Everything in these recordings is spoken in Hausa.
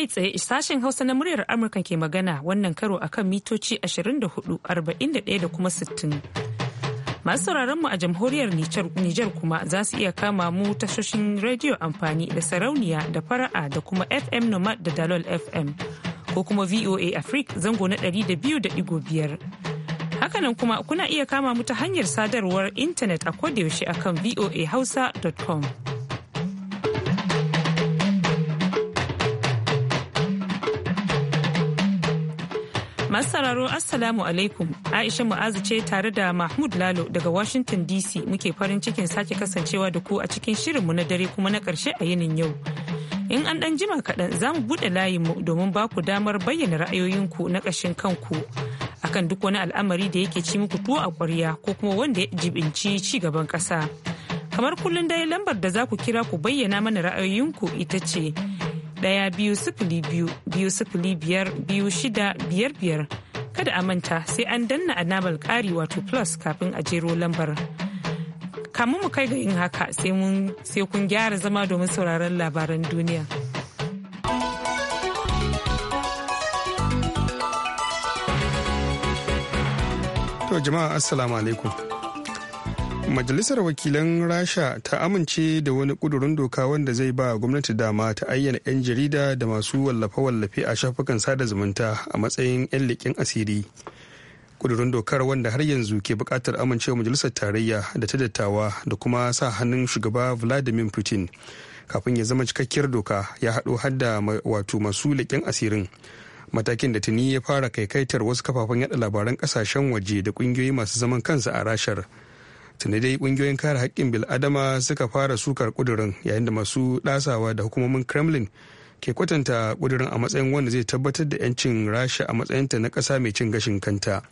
kai tsaye sashen hausa na muryar amurka ke magana wannan karo akan mitoci 24,41 da kuma 60 masu sauraronmu a jamhuriyar nijar kuma za su iya kama mu tashoshin rediyo amfani da sarauniya da fara'a da kuma fm nomad da dalol fm ko kuma voa africa zango na 200.5 hakanan kuma kuna iya kama mu ta hanyar sadarwar intanet a kodayaushe akan voahausa.com Masu sauraro Assalamu alaikum Aisha Mu'azu ce tare da Mahmud Lalo daga Washington DC muke farin cikin sake kasancewa da ku a cikin shirinmu na dare kuma na karshe a yinin yau. In an ɗan jima kaɗan za mu buɗe layinmu domin ba ku damar bayyana ra'ayoyinku na ƙashin kanku akan duk wani al'amari da yake ci muku tuwo a ƙwarya ko kuma wanda ya jibinci ci gaban ƙasa. Kamar kullum dai lambar da za ku kira ku bayyana mana ra'ayoyinku ita ce daya biyu sifili biyu biyu sifili biyar biyu shida biyar biyar kada a manta sai an danna anabal kari wato plus kafin a jero lambar kamun mu kai ga yin haka sai kun gyara zama domin sauraron labaran duniya. To jama'a assalamu alaikum. Majalisar Wakilan Rasha ta amince da wani ƙudurin doka wanda zai ba gwamnati dama ta ayyana 'yan jarida da masu wallafe-wallafe a shafukan sada zumunta a matsayin 'yan leƙen asiri. Ƙudurin dokar wanda har yanzu ke buƙatar amincewa Majalisar Tarayya da ta dattawa da kuma sa hannun shugaba Vladimir Putin kafin ya zama cikakkiyar doka ya haɗo hadda wato masu leƙen asirin. matakin da tuni ya fara kaikaitar wasu kafafen yada labaran ƙasashen waje da ƙungiyoyi masu zaman kansa a rashar tuni dai kungiyoyin kare haƙƙin bil'adama suka fara sukar kudurin yayin da masu ɗasawa da hukumomin kremlin ke kwatanta kudurin a matsayin wanda zai tabbatar da 'yancin rasha a matsayinta na ƙasa mai cin gashin kanta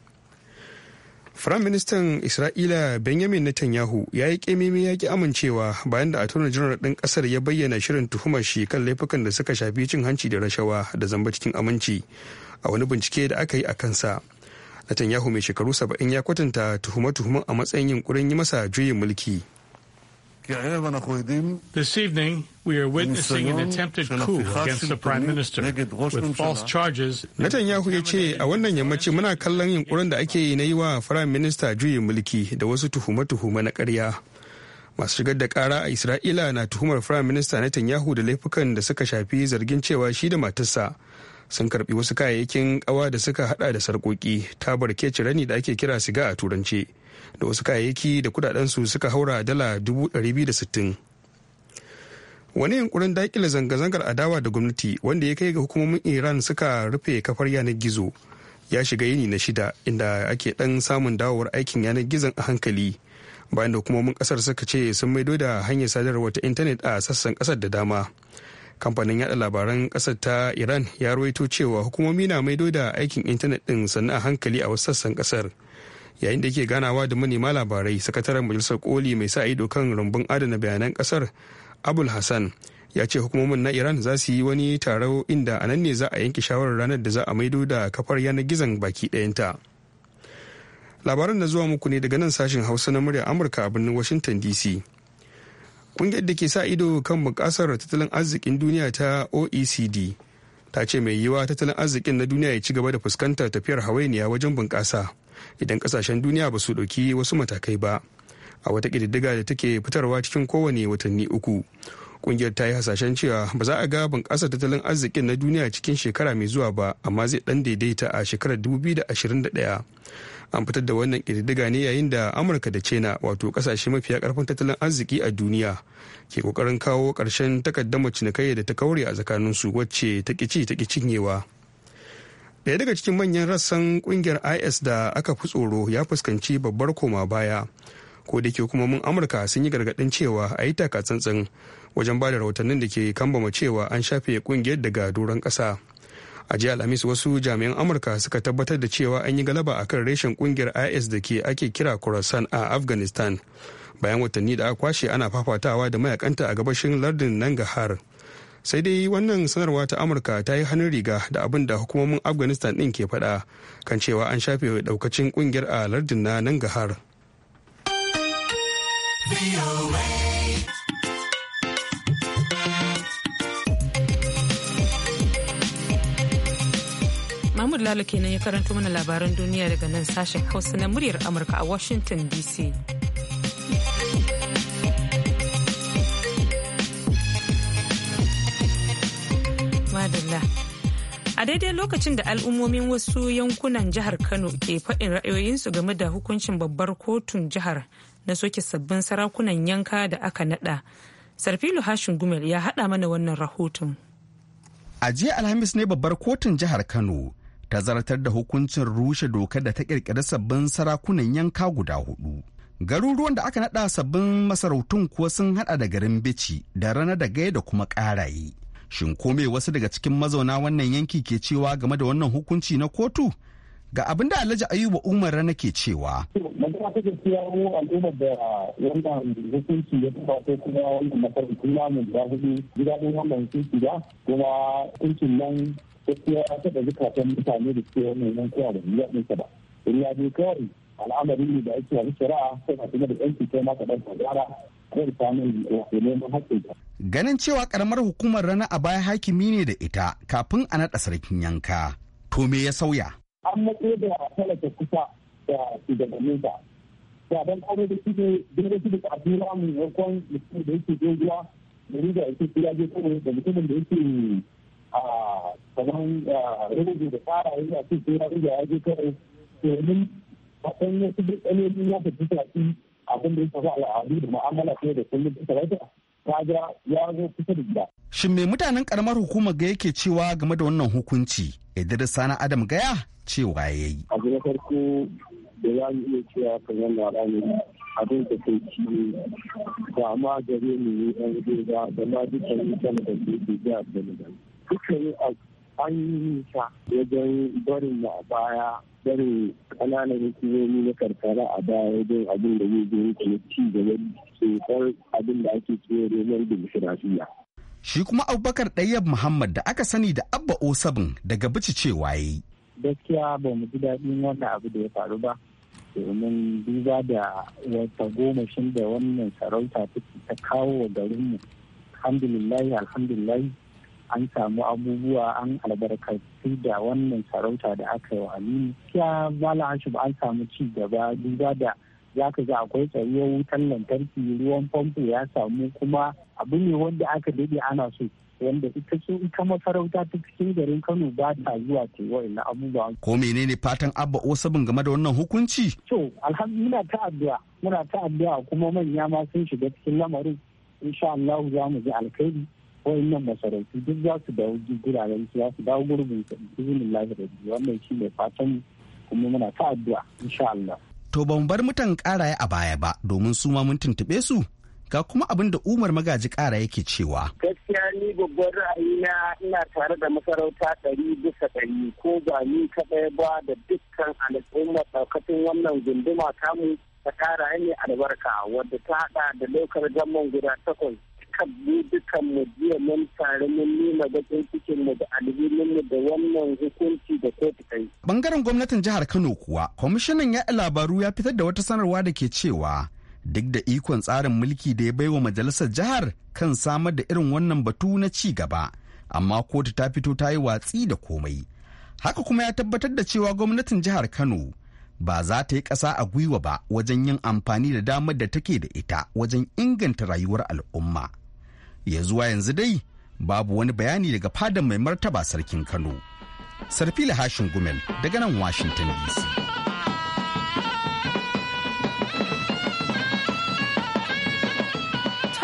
firayim ministan isra'ila benjamin netanyahu ya yi ƙememe ya ki amincewa bayan da atona general ɗin ƙasar ya bayyana shirin tuhumar shi kan laifukan da suka shafi cin hanci da rashawa da zamba cikin aminci a wani bincike da aka yi a kansa Netanyahu mai shekaru saba'in ya kwatanta tuhume-tuhumen a matsayin yunkurin yi masa juyin mulki. This evening, we are witnessing an attempted coup against the Prime Minister with false charges. Netanyahu ya ce a wannan yammaci muna kallon yunkurin da ake yi na yi wa Prime Minister juyin mulki da wasu tuhume-tuhume na ƙarya. Masu shigar da ƙara a Isra'ila na tuhumar Prime Minister Netanyahu da laifukan da suka shafi zargin cewa shi da matarsa sun karbi wasu kayayyakin kawa da suka hada da sarkoki tabar keci rani da ake kira siga a turance da wasu kayayyaki da kudadensu suka haura dala 260 wani yunkurin dakile zanga-zangar adawa da gwamnati wanda ya kai ga hukumomin iran suka rufe kafar yanar gizo ya shiga yini na shida inda ake dan samun dawowar aikin yanar gizon a hankali bayan da hukumomin kasar suka ce sun maido da hanyar sadarwa ta intanet a sassan kasar da dama kamfanin yada labaran kasar ta iran ya ruwaito cewa hukumomi na maido da aikin intanet din sannu a hankali a wasu sassan kasar yayin da ke ganawa da manema labarai sakataren majalisar koli mai sa ido kan rumbun adana bayanan kasar abul hassan ya ce hukumomin na iran za su yi wani taro inda a nan ne za a yanke shawarar ranar da za a maido da kafar yanar gizon baki ɗayanta labaran na zuwa muku ne daga nan sashen hausa na murya amurka a birnin washington dc kungiyar da ke sa ido kan bunƙasar tattalin arzikin duniya ta oecd ta ce mai yiwa tattalin arzikin na duniya ya ci gaba da fuskantar tafiyar hawainiya wajen bunƙasa idan kasashen duniya ba su ɗauki wasu matakai ba a wata ƙididdiga da take fitarwa cikin kowane watanni uku kungiyar ta yi hasashen cewa ba za a ga bunƙasar tattalin arzikin na duniya cikin shekara mai zuwa ba amma zai ɗan daidaita a shekarar 2021 an fitar da wannan kididdiga ne yayin da amurka da china wato kasashe mafiya karfin tattalin arziki a duniya ke kokarin kawo ƙarshen takaddama cinikayya da ta kaure a tsakanin su wacce ta kici ta cinyewa daya daga cikin manyan rassan kungiyar is da aka fi tsoro ya fuskanci babbar koma baya ko da ke mun amurka sun yi gargadin cewa a yi takatsantsan wajen bada da rahotannin da ke kambama cewa an shafe kungiyar daga doron kasa. a jiya alhamis wasu jami'an amurka suka tabbatar da cewa an yi galaba akan reshen kungiyar is da ke ake kira khorasan a afghanistan bayan watanni da aka kwashe ana fafatawa da mayakanta a gabashin lardin nangahar sai dai wannan sanarwa ta amurka ta yi hannun riga da abin da hukumomin afghanistan din ke faɗa kan cewa an shafe daukacin kungiyar a lardin na nangahar. Mahmud Lalo kenan ya karanto mana labaran duniya daga nan sashen Hausa na muryar Amurka a Washington DC. A daidai lokacin da al'ummomin wasu yankunan jihar Kano ke faɗin ra'ayoyinsu game da hukuncin babbar kotun jihar na soke sabbin sarakunan yanka da aka nada. Sarfilu Hashin Gumel ya haɗa mana wannan rahoton. A jiya Alhamis ne babbar kotun jihar Kano ta zartar da hukuncin rushe dokar da ta kirkiri sabbin sarakunan yanka guda hudu. Garuruwan da aka naɗa sabbin masarautun kuwa sun haɗa da garin Bici da Rana da Gaya da kuma Ƙaraye. Shin kome wasu daga cikin mazauna wannan yanki ke cewa game da wannan hukunci na kotu? Ga abin da Alhaji Ayuba Umar Rana ke cewa. Magana ta mu al'ummar da wannan hukunci ya ko kuma wannan masarautun namu hudu gida ɗin wannan hukunci ba kuma hukuncin nan gaskiya an taɓa zukatan mutane da suke wannan yankuwa da biya ɗinsa ba illa ne kawai al'amari ne da ake wani shari'a tana kuma da yanki kai ma kaɗan tsara kai samun wato neman haƙƙinka. ganin cewa karamar hukumar rana a baya hakimi ne da ita kafin a naɗa sarkin yanka to me ya sauya. an matsayi da talaka kusa da shugabanninsa da dan kome da shi ne da su da tsafira mu yankon mutum da yake doguwa da riga yake kira je kome da mutumin da yake a ah, kamar ah, rubutu da fara yi a cikin ya riga ya je kawai domin matan wasu birkanoni ya fi tafi abin da ya shafi al'adu da mu'amala ta da kullum da ta kaga ya zo kusa da gida. Shin me mutanen karamar hukumar ga yake cewa game da wannan hukunci? Idris Sani Adam Gaya cewa ya yi. Abu na farko da za iya cewa kan na rani abin da ke ci ba ma gare mu ne yan gida da ma dukkan mutane da ke ke jiya da mu. an yi wajen barin mu a baya barin ƙananan hukumomi na karkara a baya wajen abin da zai zo yake ci gaba tsotsar abin da ake cewa roman dimokuraɗiyya. Shi kuma Abubakar Ɗayyab Muhammad da aka sani da Abba Osabin daga bici cewa yi. Gaskiya ba mu ji daɗin wannan abu da ya faru ba. Domin duba da wata goma shin da wannan sarauta ta kawo wa garinmu. Alhamdulillahi alhamdulillahi an samu abubuwa an albarkaci da wannan sarauta da aka yi wa aminu ya mala hashim an samu ci gaba duba da za ka ga akwai tsayuwar wutar lantarki ruwan famfo ya samu kuma abu ne wanda aka daɗe ana so wanda ita su ita masarauta ta cikin garin Kano ba ta zuwa ta yi na abubuwa. Ko menene fatan Abba Osabin game da wannan hukunci? To, alhamdulillah ta addu'a, muna ta addu'a kuma manya ma sun shiga cikin lamarin. Insha allahu za mu ji alkhairi. wayannan masarautu duk za su dawo guraren su za su dawo gurbin su izinin lafiya wannan shi ne fatan kuma muna ta addu'a insha Allah. To ban bar mutan karaye a baya ba domin su ma mun tuntuɓe su ga kuma abin da Umar Magaji Kara yake cewa. Gaskiya ni babban na ina tare da masarauta ɗari bisa ɗari ko ba ni kaɗai ba da dukkan al'ummar ɗaukacin wannan gunduma tamu ta ƙara ne albarka wadda ta haɗa da lokar gamman guda takwas Kabbi mu dukan mu jiya mun tare mun nuna bakin cikin mu da alhinin mu da wannan hukunci da kotu kai. Bangaren gwamnatin jihar Kano kuwa kwamishinan ya labaru ya fitar da wata sanarwa da ke cewa duk da ikon tsarin mulki da ya baiwa majalisar jihar kan samar da irin wannan batu na ci gaba amma kotu ta fito ta yi watsi da komai haka kuma ya tabbatar da cewa gwamnatin jihar kano ba za ta yi ƙasa a gwiwa ba wajen yin amfani da damar da take da ita wajen inganta rayuwar al'umma ya zuwa yanzu dai babu wani bayani daga fadan mai martaba sarkin kano sarfila hashin gumel daga nan washington dc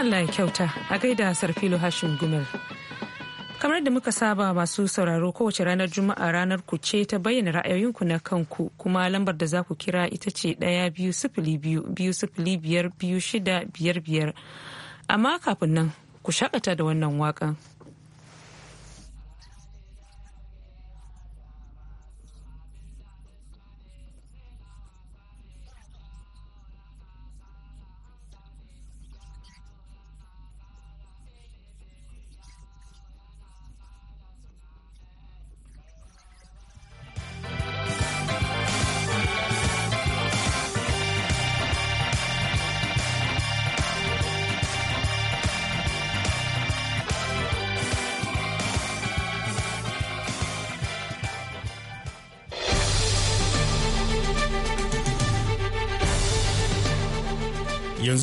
Allah ya kyauta a gaida sarfilo hashin gumel kamar da muka saba masu sauraro kowace ranar juma'a ranar ku ce ta bayyana ra'ayoyinku na kanku kuma lambar da za ku kira ita ce ɗaya biyu sifili biyu biyu sifili biyar biyu shida biyar biyar amma kafin nan ku shakata da wannan wakan.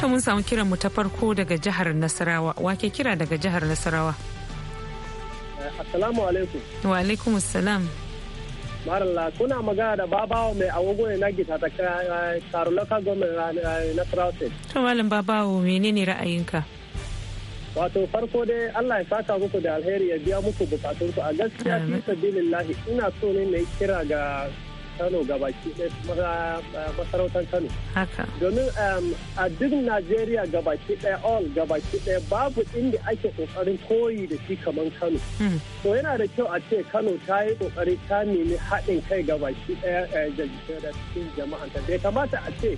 To mun samu kiran mu ta farko daga jihar Nasarawa. Wake kira daga jihar Nasarawa? Assalamu alaikum. Wa alaikum assalam. Maralla kuna magana da babawo mai agogo ne na gita ta eh, karulaka gwamnati eh, eh, Nasarawa State. To malam babawo menene ra'ayinka? wato farko dai Allah ya saka muku da alheri ya biya muku bukatunku a gaskiya fi sabilillahi ina so ne na kira ga Kano gabaki eh, masarautar Kano. Domin a duk Najeriya gabaki daya all gabaki daya babu inda ake ƙoƙarin koyi da shi kamar Kano. Hmm. To yana da kyau a ce Kano ta yi ƙoƙari ta nemi haɗin kai gabaki daya eh, da cikin jama'anta. Bai kamata a ce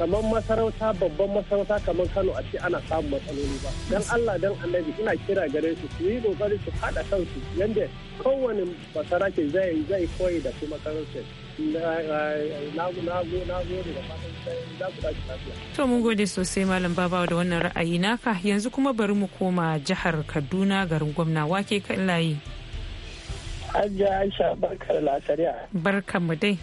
kamar masarauta babban masarauta kamar kano a ce ana samun matsaloli ba don allah don annabi ina kira gare su su yi kokari su haɗa kansu yadda kowane masarake zai zai koyi da kuma karansu to mun gode sosai malam baba da wannan ra'ayi naka yanzu kuma bari mu koma jihar kaduna garin gwamna wake kan layi. Hajji Aisha barkar lasariya. Barkan mu dai.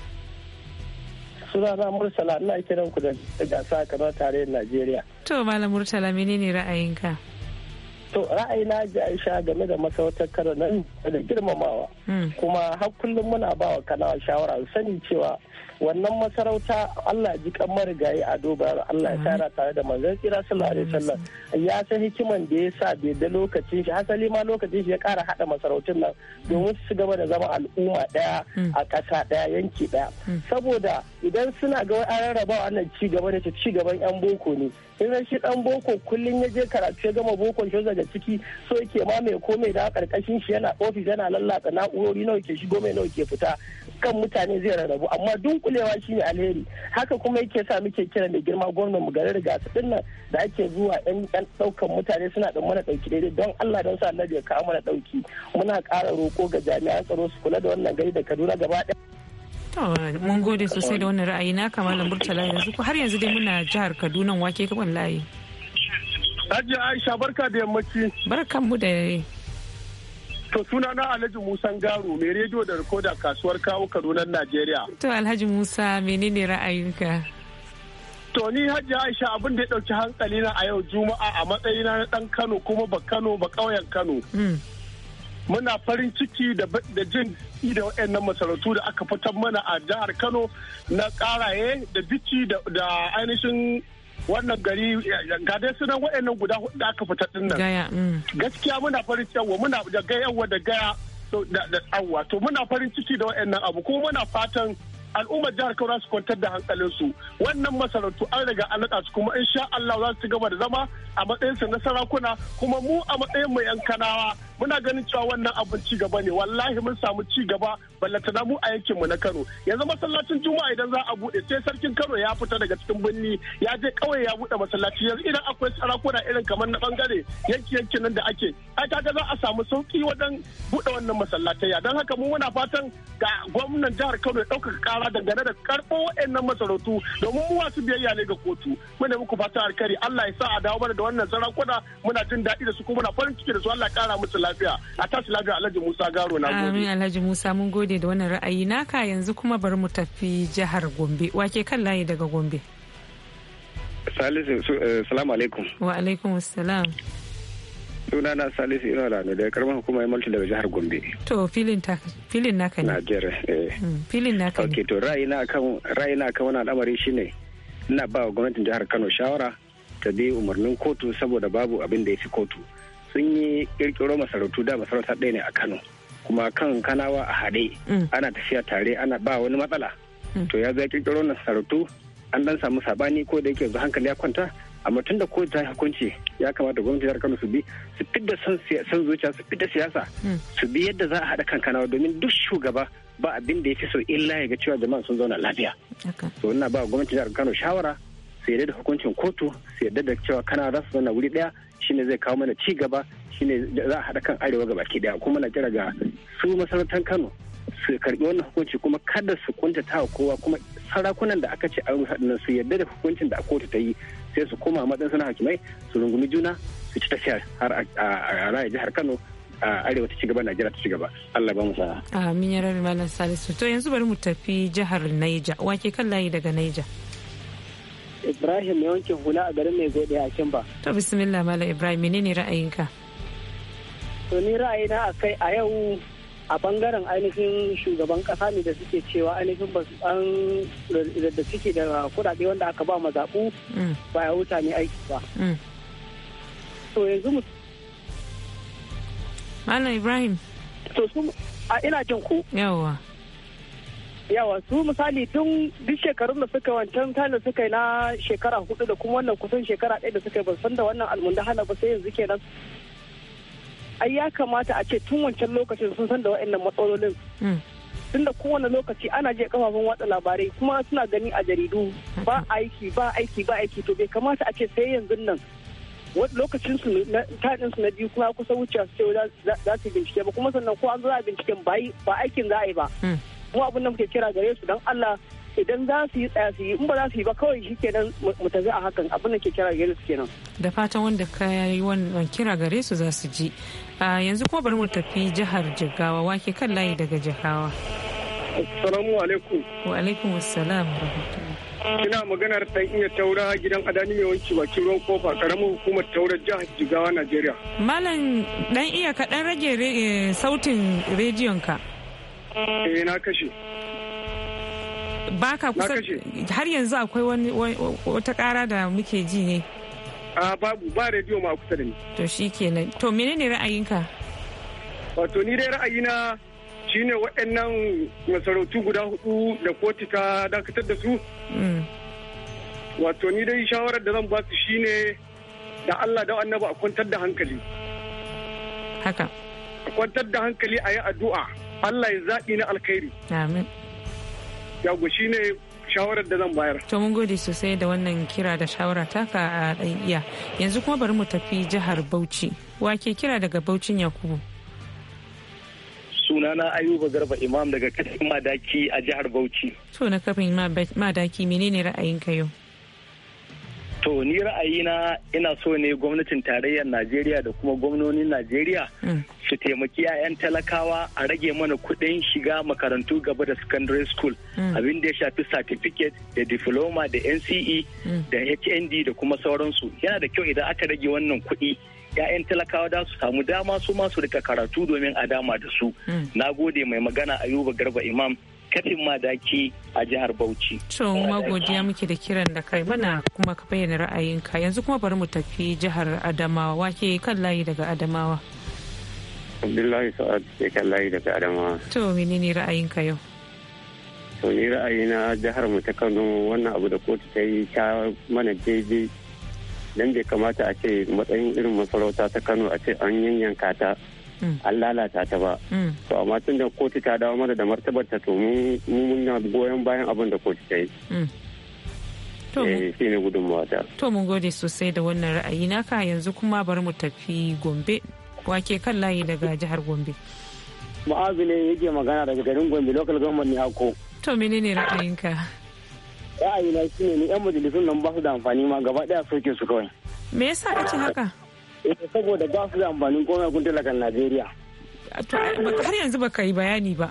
sunana Murtala ya kiran ku da gasa kamar tarayyar Najeriya. To Malam Murtala menene ra'ayinka? to ra'ayi na ji aisha game da masarautar kano nan da girmamawa hmm. kuma har kullum muna ba wa kanawa shawara sani cewa wannan masarauta allah ji kan marigayi a duba allah ya hmm. tara tare da manzon kira sallallahu alaihi hmm. ya san hikiman da ya sa bai da lokacin shi hasali ma lokacin shi ya kara hada masarautun nan domin su gaba da zama al'umma daya a kasa daya yanki daya saboda idan suna ga an rarraba wannan ci gaba da ci gaban yan boko ne in shi dan boko kullum ya je karatu ya gama boko shi daga ciki so yake ma mai komai da karkashin shi yana ofis yana lalata na'urori nawa ke shigo mai nawa ke fita kan mutane zai rarrabu amma dunkulewa ne alheri haka kuma yake sa muke kira mai girma gwamnan mu garin riga su dinnan da ake zuwa yan dan daukan mutane suna da mana dauki daidai don Allah don sa annabi ya kawo mana dauki muna ƙara roko ga jami'an tsaro su kula da wannan gari da Kaduna gaba ɗaya mun gode sosai da wannan ra'ayi na kamalan murtala yanzu har yanzu dai muna jihar kaduna wake kaban layi Hajiya Aisha barka da yammaci. Barkan mu da yare. To suna na Alhaji Musa Garo mai rediyo da rikoda kasuwar kawo Kaduna Najeriya. To Alhaji Musa menene ra'ayinka? To ni Hajiya Aisha abin da ya dauki hankali na a yau Juma'a a matsayina na dan Kano kuma ba Kano ba ƙauyen Kano. Hmm. Muna farin ciki da jin da waɗannan masarautu da aka fitar mana a jihar Kano na ƙaraye da bici da ainihin wannan gari ga dai sunan waɗannan guda hudu aka fita din nan mm. gaskiya muna farin wa muna da gayawa da gaya da tsawa to muna farin ciki da waɗannan abu kuma muna fatan al'ummar jihar Kano su kwantar da hankalinsu wannan masarautu an riga an lada su kuma insha Allah za su gaba da zama a matsayin su na sarakuna kuma mu a matsayin mu yan kanawa muna ganin cewa wannan abin ci gaba ne wallahi mun samu ci gaba na mu a yankin mu na Kano yanzu masallacin Juma'a idan za a bude sai sarkin Kano ya fita daga cikin birni ya je kawai ya bude masallaci yanzu idan akwai sarakuna irin kamar na bangare yanki yankin nan da ake ai kaga za a samu sauki wajen bude wannan masallatai dan haka mu muna fatan ga gwamnan jihar Kano ya ɗaukaka kara dangane da karɓo waɗannan masarautu domin mu wasu biyayya ne ga kotu mu ne muku fatan alkari Allah ya sa a dawo mana da wannan sarakuna muna jin daɗi da su kuma muna farin ciki da su Allah ya kara musu lafiya a tashi lafiya alhaji musa garo na gobe amin alhaji musa mun gode da wannan ra'ayi naka yanzu kuma bari mu tafi jihar gombe wake kan layi daga gombe salisu eh, salamu alaikum wa alaikum assalam suna na salisu ina da daga karamar hukumar yamalci daga jihar gombe to filin naka ne najeriya eh. hmm, filin naka ne ok to na kan wani al'amari shine ina ba wa gwamnatin jihar kano shawara ta bi umarnin kotu saboda babu abin da ya fi kotu sun yi kirkiro masarautu da masarauta ɗaya ne a kano kuma kan kanawa a haɗe mm. ana tafiya tare ana ba wani matsala mm. to ya zai kirkiro masarautu an dan samu sabani ko da yake yanzu hankali ya kwanta amma tun da ko ta hukunci ya kamata gwamnati jihar kano su bi su fidda son zuciya su fidda siyasa mm. su bi yadda za a haɗa kan kanawa domin duk shugaba ba abin da ya fi so illa ya ga cewa jama'a sun zauna lafiya to ina ba gwamnati jihar kano shawara su da hukuncin kotu su yarda da cewa kana rasa zauna wuri daya shine zai kawo mana ci gaba shine za a haɗa kan arewa gaba baki daya kuma na kira ga su masarautar kano su karbi wannan hukunci kuma kada su kunta wa kowa kuma sarakunan da aka ce a rufe su yarda da hukuncin da kotu ta yi sai su koma matsayin suna hakimai su rungumi juna su ci tafiya har a raya jihar kano a arewa ta ci gaba najeriya ta ci gaba allah ba mu amin ya rabi malam salisu to yanzu bari mu tafi jihar naija wake kan layi daga naija Ibrahim ya wanke hula a garin mai gode a Kimba. To bismillah Malam Ibrahim menene ra'ayinka? To ni ra'ayina a kai a yau a bangaren ainihin shugaban kasa ne da suke cewa ainihin ba an da suke da kudade wanda aka ba mazaɓu mm. ba ya wuta ne aiki ba. Mm. To yanzu Malam Ibrahim. To su a ina jin ku. Yawwa. yawa su misali tun duk shekarun da suka wancan misalin suka yi na shekara hudu da kuma wannan kusan shekara ɗaya da suka yi ban san da wannan almunda hana ba sai yanzu kenan ai ya kamata a ce tun wancan lokacin sun san da wa'annan matsalolin hmm. tun da kowane lokaci ana je kafafen watsa labarai kuma suna gani a jaridu ba aiki ba aiki ba aiki to bai kamata a ce sai yanzu nan lokacin su taɗinsu su na biyu kuma kusa wuce su ce za su bincike ba kuma sannan ko an zo a binciken ba aikin za a yi ba hmm. mu abin da muke kira gare su don Allah idan za su yi tsaya su yi in ba za su yi ba kawai shi kenan mu tafi a hakan abin da ke kira gare su kenan da fatan wanda ka yi wannan kira gare su za su ji yanzu kuma bari mu tafi jihar jigawa wake kan layi daga jigawa assalamu alaikum wa alaikum assalam ina maganar ta iya taura gidan adani mai wanki bakin ruwan kofa karamin hukumar taurar jihar jigawa najeriya malam dan iya kadan rage eh, sautin rediyon ka eh na kashe baka kusa har yanzu akwai wani wata kara da muke ji ne a babu ba rediyo ma kusa da ni to shikenan to menene ra'ayinka wato ni dai ra'ayina shine waɗannan masarautu guda hudu da koti ta dakatar da su mm. wato ni dai shawarar da zan ba su shine da Allah da annaba a kwantar da hankali haka a kwantar da hankali a yi addu'a Allah ya zaɓi na alkhairi. Amin. Yago shi ne shawarar da zan bayar. To mun gode sosai da wannan kira da shawara taka a ɗaiɗiya. Yanzu kuma bari mu tafi jihar Bauchi. Wa ke kira daga Bauchin Yakubu? Sunana Ayuba Garba Imam daga kafin Madaki a jihar Bauchi. To na kafin Madaki menene ra'ayinka yau? To ni ra'ayina ina so ne gwamnatin tarayyar Najeriya da kuma gwamnonin Najeriya mm. su taimaki 'ya'yan talakawa a rage mana kuɗin shiga makarantu gaba da secondary school mm. abin da ya shafi certificate da diploma da NCE mm. da HND da kuma sauransu yana da kyau idan aka rage wannan kuɗi 'ya'yan talakawa da su samu dama su masu rika karatu domin a dama da su. Na gode mai magana Ayuba Garba Imam kafin madaki a jihar Bauchi. To magodiya muke da kiran da kai mana kuma ka bayyana ra'ayinka yanzu kuma bari mu tafi jihar Adamawa ke kan layi daga Adamawa. Abdullahi Sa'ad ke kan layi daga Adamawa. To menene ra'ayinka yau? To ni ra'ayina jihar mu ta Kano wannan abu da kotu ta yi ta mana daidai dan bai kamata a ce matsayin irin masarauta ta Kano a ce an yanyanka ta. Mm. an lalata ta ba mm. to amma tun da kotu ta dawo mana da martabar ta to mun na goyon bayan abin da kotu ta yi mm. eh, to mun gode sosai da wannan ra'ayi naka yanzu kuma bari mu tafi gombe wake kan layi daga jihar gombe ma'azu ne yake magana daga garin gombe local government ne hako to menene ra'ayinka ra'ayina shine ni yan majalisun nan ba su da amfani ma gaba daya soke su kawai me yasa ci haka Eh, saboda ba su da amfanin komai kun talakan Najeriya. Har yanzu baka yi bayani ba.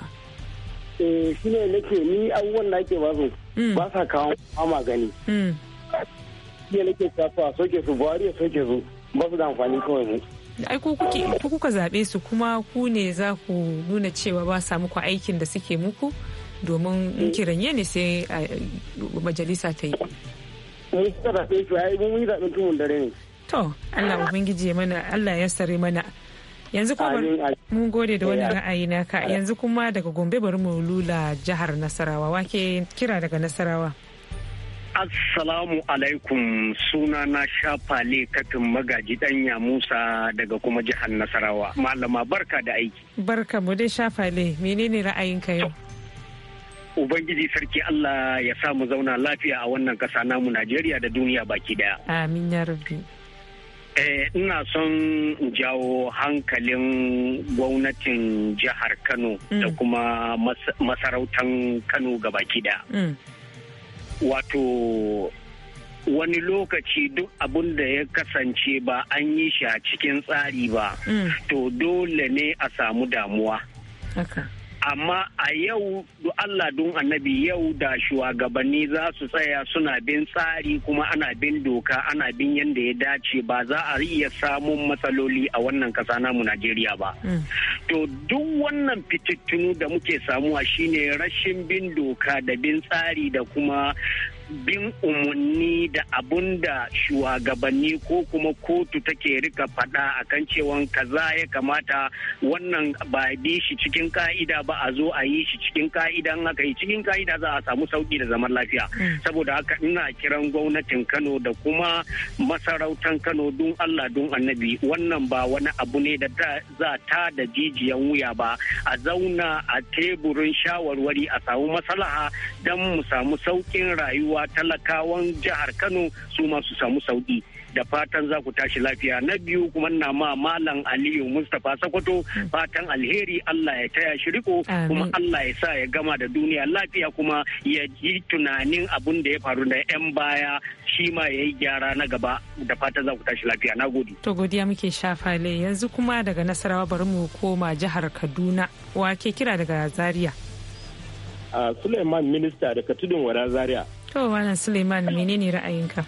Eh shi ne nake ni abubuwan da ake basu hmm. ba sa kawo kama gani. Hmm. Shi ne nake kafa soke su buhari ya soke su ba su da amfani kawai mu. ai ku kuke ku kuka zabe su kuma ku ne za ku nuna cewa ba sa muku aikin da suke muku domin eh. kiranye ne sai eh, majalisa ta yi. Mun suka zaɓe su ai mun yi zaɓen tumun dare ne. to Allah ubangiji mana Allah ya sare mana yanzu kuma mun gode da wannan ra'ayi naka yanzu kuma daga gombe bari mu lula jihar nasarawa wake kira daga nasarawa assalamu alaikum suna na shafale katin magaji danya musa daga kuma jihar nasarawa malama barka da aiki barka mu dai shafale menene ra'ayinka yau Ubangiji sarki Allah ya samu zauna lafiya a wannan ƙasa namu Najeriya da duniya baki daya. Amin ya rabbi. Eh, ina son jawo hankalin gwamnatin jihar kano da mm. kuma masarautan kano gabaki da mm. wato wani lokaci duk abin da ya kasance ba an yi shi a cikin tsari ba mm. to dole ne a samu damuwa amma a yau du Allah dun annabi yau da shugabanni za su tsaya suna bin tsari kuma ana bin doka ana bin yadda ya dace ba za a iya samun matsaloli a wannan kasa namu Najeriya ba. Mm. To duk wannan fitittunu da muke samuwa shine rashin bin doka da bin tsari da kuma bin umarni da abun da shugabanni ko kuma kotu take rika faɗa kan cewa kaza ya kamata wannan ba bi shi cikin ka'ida ba a zo a yi shi cikin ka'ida aka yi cikin ka'ida za a samu sauki da zaman lafiya mm. saboda haka ina kiran gwamnatin kano da kuma masarautan kano don allah don annabi wannan ba wani abu ne da za ta da jijiyan wuya ba a zauna a teburin shawarwari a samu maslaha don mu samu sauƙin rayuwa cewa talakawan jihar kano su masu samu sauki da fatan za ku tashi lafiya na biyu kuma na ma malam aliyu mustapha sakwato fatan alheri allah ya taya shi riko kuma allah ya sa ya gama da duniya lafiya kuma ya yi tunanin abun da ya faru da yan baya shi ma ya yi gyara na gaba da fatan za ku tashi lafiya na gode to godiya muke shafale yanzu kuma daga nasarawa bari mu koma jihar kaduna wa ke kira daga zaria suleiman minista daga tudun wada zaria kawai Malam Suleiman menene ra'ayinka?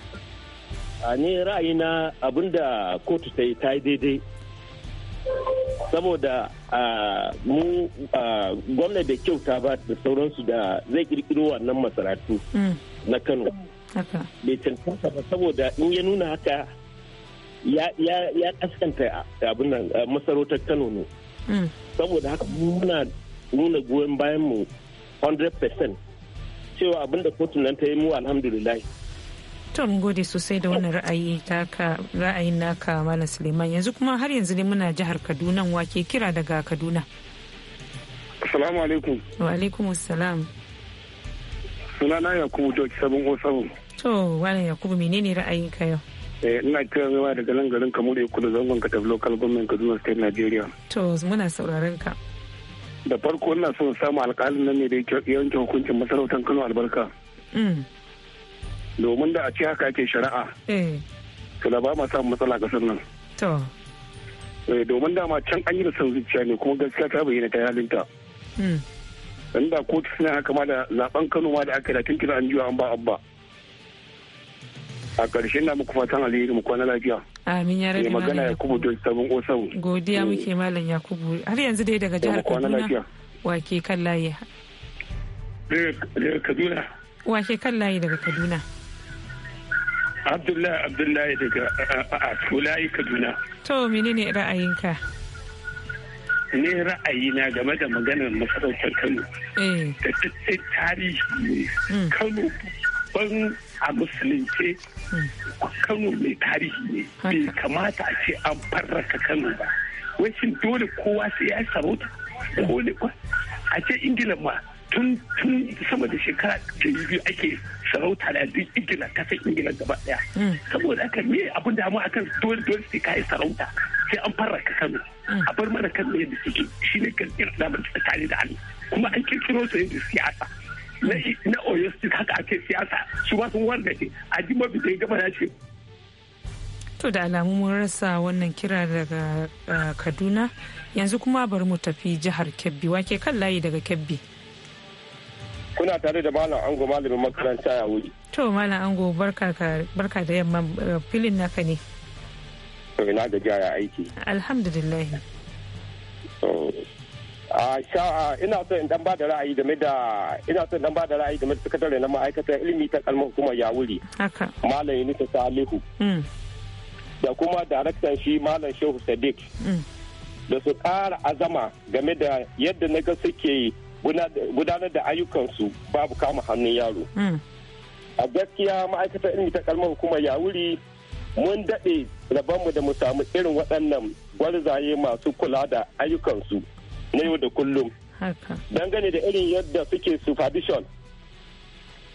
A ni ra'ayina abinda kotu ta yi ta yi daidai. Saboda mu gwamna da kyauta ba da sauransu da zai kirkiro wannan masaratu mm. na Kano. Bai cancanta ba saboda in ya nuna haka ya kaskanta abin nan masarautar Kano ne. Mm. Saboda haka muna nuna goyon bayan mu 100%. cewa abin da kotun nan ta yi mu alhamdulillah to mun gode sosai da wannan ra'ayi taka ra'ayin naka malam suleiman yanzu kuma har yanzu ne muna jihar kaduna wake kira daga kaduna assalamu alaikum wa alaikum assalam sunana yakubu doki sabon o sabon to wani yakubu menene ka yau eh, ina kira zama daga nan garin kamar Kudu da zangon ka tafi local government kaduna state nigeria to muna sauraron ka da farko ina son samu alkalin nan ne da yanke hukuncin masarautar kano albarka mm. domin da a ce haka ake shari'a eh. to da ba ma samun matsala kasar nan eh, domin dama can an yi da son zuciya ne kuma gaskiya ta bayyana ta halinta mm. inda kotu suna haka ma da zaben kano ma da aka yi da tunkin an jiwa an ba abba a ƙarshen na muku fatan alheri mu kwana lafiya amin ya rabi magana ya kubu don sabon osau godiya eh. muke malam yakubu har yanzu dai daga eh, jihar kaduna wake kan layi daga kaduna wake kan layi daga kaduna abdullahi abdullahi daga atulayi kaduna to menene ra'ayinka ne ra'ayina game da maganar masarautar kano eh. da tarihi ne. Hmm. kano ban a musulunce kano mai tarihi ne bai kamata a ce an farraka kano ba wasu dole kowa sai ya sarauta ko ne a ce ingila ma tun tun sama da shekara da biyu ake sarauta da duk ingila san ingila gaba daya hmm. saboda haka me abin da mu akan dole dole sai kai sarauta sai an farraka kano hmm. a bar mana kano yadda suke shine kan irin da tsakani da Allah kuma an kirkiro sa yadda siyasa na oyo state haka ake siyasa su ba sun wargaje a ji mafi da gaba na ce To da alamu mun rasa wannan kira daga eh, Kaduna yanzu kuma bari mu tafi jihar Kebbi wake kan layi daga Kebbi. Kuna tare da Malam Ango malamin makaranta ya wuri. To Malam Ango barka da yamma eh, filin naka ne. To ina da jaya aiki. Alhamdulillah. ina so in dan ba da ra'ayi game da ina so dan ba da ra'ayi game da sakatare na ma'aikatar ilimi ta kalmar hukumar yawuri malam yunusa salihu mm. da kuma daraktan shi malam shehu sadiq mm. da su kara azama game da yadda na ga suke gudanar da ayyukansu babu kama hannun yaro mm. a gaskiya ma'aikatar ilimi ta kalmar hukumar yawuri mun daɗe rabonmu da mu samu irin waɗannan gwarzaye masu kula da ayyukansu. na yau da kullum dangane da irin yadda suke supervision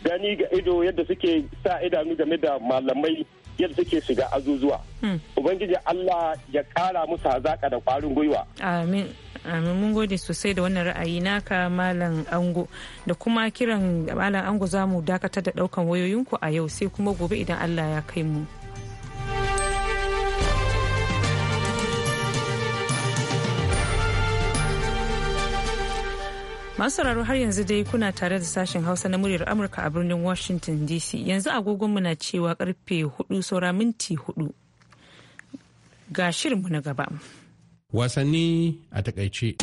gani ga ido yadda suke sa idanu game da malamai yadda suke shiga azuzuwa hmm. ubangiji allah ya kara musu hazaƙa da ƙwarin gwiwa amin amin mun gode sosai da wannan ra'ayi naka malam ango da kuma kiran malam ango za mu dakatar da ɗaukan wayoyinku a yau sai kuma gobe idan allah ya kai mu. masu sauraro har yanzu dai kuna tare da sashen hausa na muryar amurka a birnin washington dc yanzu agogonmu na cewa karfe hudu saura minti hudu ga shirinmu na gaba wasanni a takaice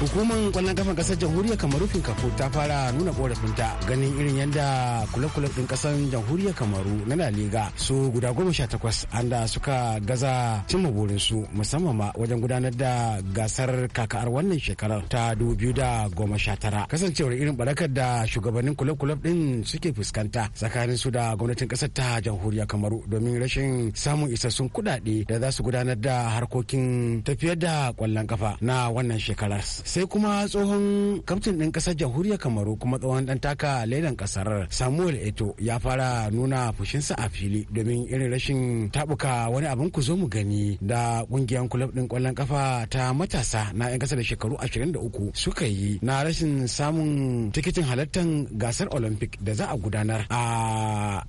hukumar kwallon kafan kasar jamhuriyar kamaru kafu ta fara nuna korafinta ganin irin yadda kule-kule din kasar jamhuriyar kamaru na la liga su guda goma sha takwas da suka gaza cimma burinsu musamman ma wajen gudanar da gasar kaka'ar wannan shekarar ta dubu da goma sha tara kasancewar irin barakar da shugabannin kule-kule din suke fuskanta tsakanin su da gwamnatin kasar ta jamhuriyar kamaru domin rashin samun isassun kuɗaɗe da za su gudanar da harkokin tafiyar da kwallon kafa na wannan shekarar sai kuma tsohon kamtin ɗin ƙasar jamhuriyar kamaru kuma tsohon ɗan taka ledan ƙasar samuel eto ya fara nuna fushinsa a fili domin irin rashin tabuka wani abin ku zo mu gani da ƙungiyar kulab ɗin ƙwallon kafa ta matasa na 'yan ƙasa da shekaru 23 suka yi na rashin samun tikitin halartar gasar olympic da za a gudanar a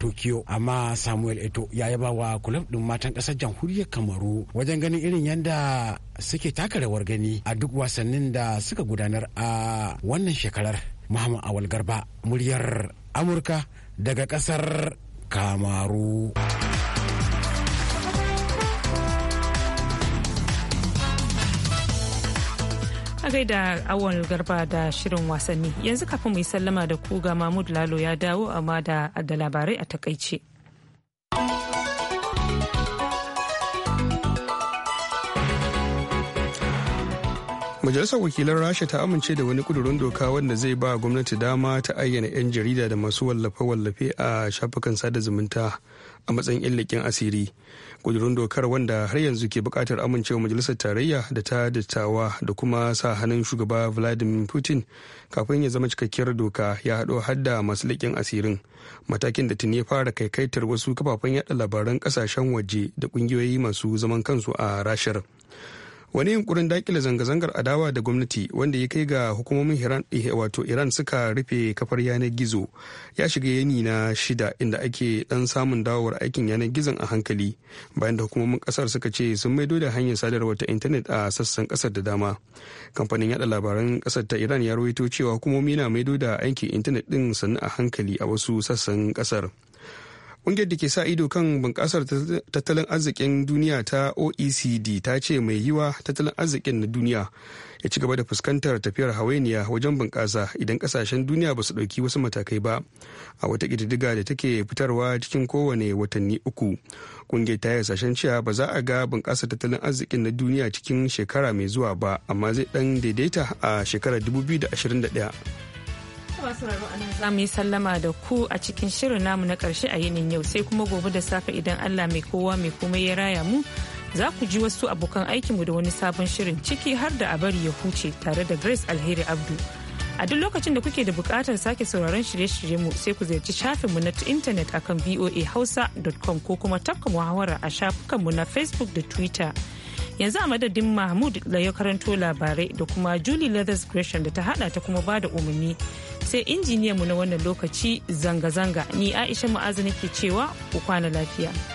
tokyo amma samuel eto ya yaba wa kulab ɗin matan ƙasar jamhuriyar kamaru wajen ganin irin yadda suke taka rawar gani a duk wasannin da suka gudanar a wannan shekarar muhammad awal garba muryar amurka daga kasar kamaru a gaida awon garba da shirin wasanni yanzu kafin mu yi sallama da ku ga mahmud lalo ya dawo amma da labarai a takaice. majalisar wakilan rasha ta amince da wani kudurin doka wanda zai ba gwamnati dama ta ayyana 'yan jarida da masu wallafe-wallafe a shafukan sada zumunta a matsayin 'yan likin asiri kudurin dokar wanda har yanzu ke bukatar amincewa majalisar tarayya da ta dattawa da kuma sa hannun shugaba vladimir putin kafin ya zama cikakkiyar doka ya haɗo hadda masu likin asirin matakin da tuni fara kaikaitar wasu kafafen yada labaran ƙasashen waje da ƙungiyoyi masu zaman kansu a rashar wani yunkurin dakile zanga-zangar adawa da gwamnati wanda ya kai ga hukumomin eh, wato iran suka rufe kafar yanar gizo ya shiga yini na shida inda ake dan samun dawowar aikin yanar gizon a hankali bayan da hukumomin kasar suka ce sun maido da hanyar sadarwa ta intanet a sassan kasar da dama kamfanin yada labaran kasar ta iran ya rawaito cewa hukumomi na maido da aikin intanet din sannu a hankali a wasu sassan kasar Ƙungiyar da ke sa ido kan bunƙasar tattalin arzikin duniya ta OECD ta ce mai yiwa tattalin arzikin na duniya ya ci gaba da fuskantar tafiyar hawainiya wajen bunƙasa idan ƙasashen duniya ba su ɗauki wasu matakai ba. A wata ƙididdiga da take fitarwa cikin kowane watanni uku, ƙungiyar ta yi hasashen cewa ba za a ga bunƙasar tattalin arzikin na duniya cikin shekara mai zuwa ba, amma zai ɗan daidaita a shekarar 2021. masu raro anan za mu yi sallama da ku a cikin shirin namu na karshe a yinin yau sai kuma gobe da safe idan Allah mai kowa mai komai ya raya mu za ku ji wasu abokan aikinmu da wani sabon shirin ciki har da a bari ya huce tare da Grace Alheri Abdu. A duk lokacin da kuke da bukatar sake sauraron shirye-shirye mu sai ku ziyarci shafin mu na intanet akan voahausa.com ko kuma tafka muhawara a shafukan mu na Facebook da Twitter. Yanzu a madadin Mahmud da ya karanto labarai da kuma Julie Leathers Gresham da ta hada ta kuma bada umarni sai injiniyanmu na wannan lokaci zanga-zanga ni aisha mu'azu nake cewa ku kwana lafiya.